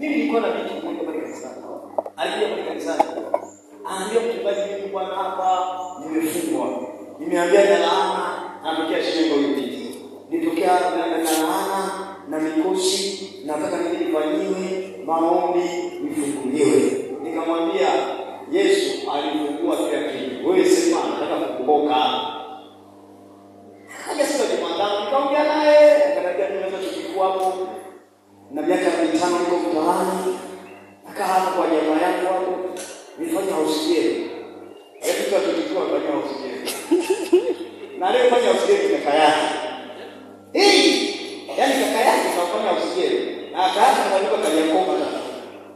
Mimi nilikuwa na binti mmoja pale kanisani. Alikuja pale kanisani. Anaambia mchungaji, mimi bwana hapa nimefungwa. Nimeambia na laana, anatokea shingo hiyo Nitokea na laana na mikosi, nataka nifanye maombi, nifungue aliyefanya usijeri kaka yake hii, yaani kaka yake kafanya usijeri akaacha kuandika Kariakoo,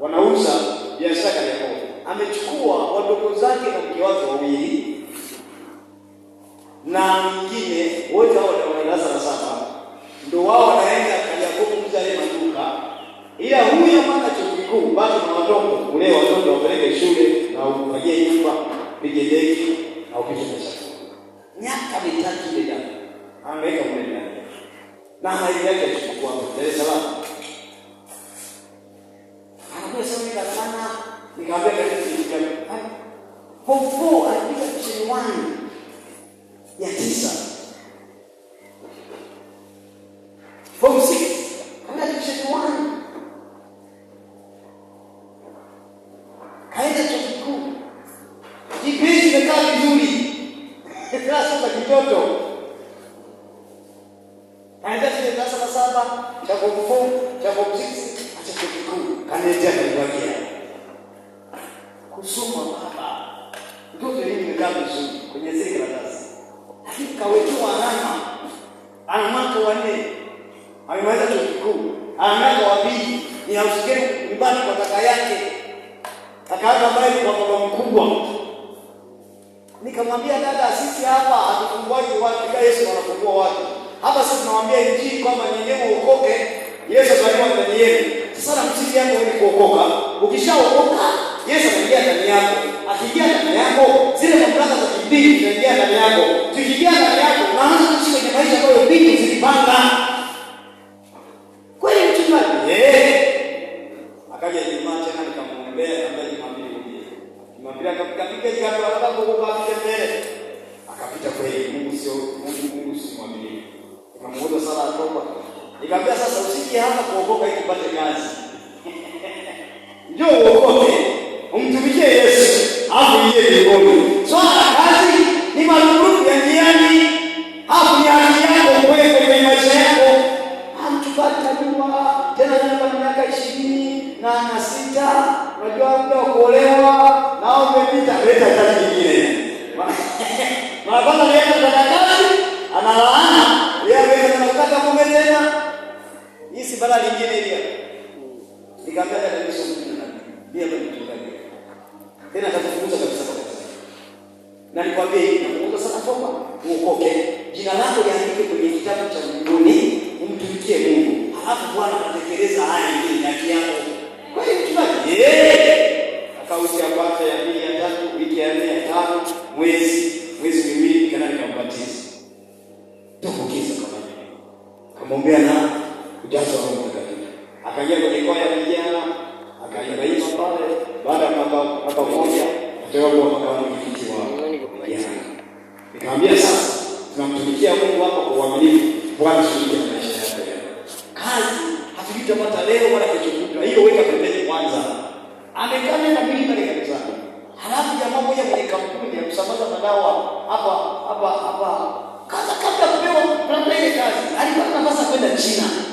wanauza biashara Kariakoo. Amechukua wadogo zake na mke wake wawili na mwingine, wote hao wana darasa la saba, ndio wao wanaenda Kariakoo kuuza ile maduka, ila huyu hana chuo kikuu, bado na wadogo kule, watoto wapeleke shule na ufanyie nyumba, pige deki na upishe biashara miaka mitatu ile dada angaika ah, mle na maili yake yachukua Dar es Salaam. Anakuja ah, sasa, nikakana nikamwambia katika popo alipiga misheni wani ya tisa kaenda chuo kikuu, kipindi kimekaa vizuri mtoto anaenda shule darasa la saba cha form four cha form six acha chuo kikuu kanaetea kaiwagia kusoma baba mtoto hili imekaa vizuri kwenye zile karatasi lakini kawekewa alama ana mwaka wa nne amemaliza chuo kikuu ana mwaka wa pili ni ausikeni nyumbani kwa kaka yake kaka yake ambaye ni kwa baba mkubwa Nikamwambia dada, sisi hapa hatufunguaji watu bila Yesu wanafungua watu. Hapa sisi tunawaambia injili kwamba nyenyewe uokoke, Yesu ataliwa ndani yenu. Sasa na msingi yako ni kuokoka. Ukishaokoka, Yesu anaingia ndani yako. Akiingia ndani yako, zile mamlaka za kibingu zinaingia ndani yako. Tukiingia ndani yako, naanza kuishi kwenye maisha ambayo mbingu zilipanga. Kweli mchungaji? Eh. usiishie hapa kuokoka ili upate kazi. Ndio uokoke, umtumikie Yesu afu iye mbinguni. Swala kazi ni marudufu ya njiani, afu ni haki yako kuweko kwenye maisha yako. Hamtupata nyuma tena nyuma miaka ishirini na na sita, unajua muda wa kuolewa na umepita, leta kazi nyingine. Mara kwanza nienda kazi na nikwambie hivi, nakuongoza sana toba, uokoke. Jina lako liandike kwenye kitabu cha mbinguni, umtumikie Mungu, halafu Bwana atatekeleza haya mingine yake yako. Kwa hiyo mchungaji, eh, akausi ya kwanza ya pili ya tatu wiki ya nne ya tano mwezi mwezi miwili, kana nikambatiza tokokiza kama hiyo, kamombea na ujazo wa Mungu Mtakatifu, akaingia kwenye kwaya ya vijana, akaimba pale. Baada ya mwaka moja, akawa kwa makao mwenyekiti wao Nikamwambia sasa tunamtumikia Mungu hapa kwa uaminifu. Bwana shiriki na maisha yako leo. Kazi hatujitapata leo wala kesho kutwa. Hiyo weka pembeni kwanza. Amekaa na mimi pale kanisani. Halafu jamaa moja kwenye kampuni ya kusambaza madawa hapa hapa hapa. Kaza kabla kupewa kazi, alipata nafasi kwenda China.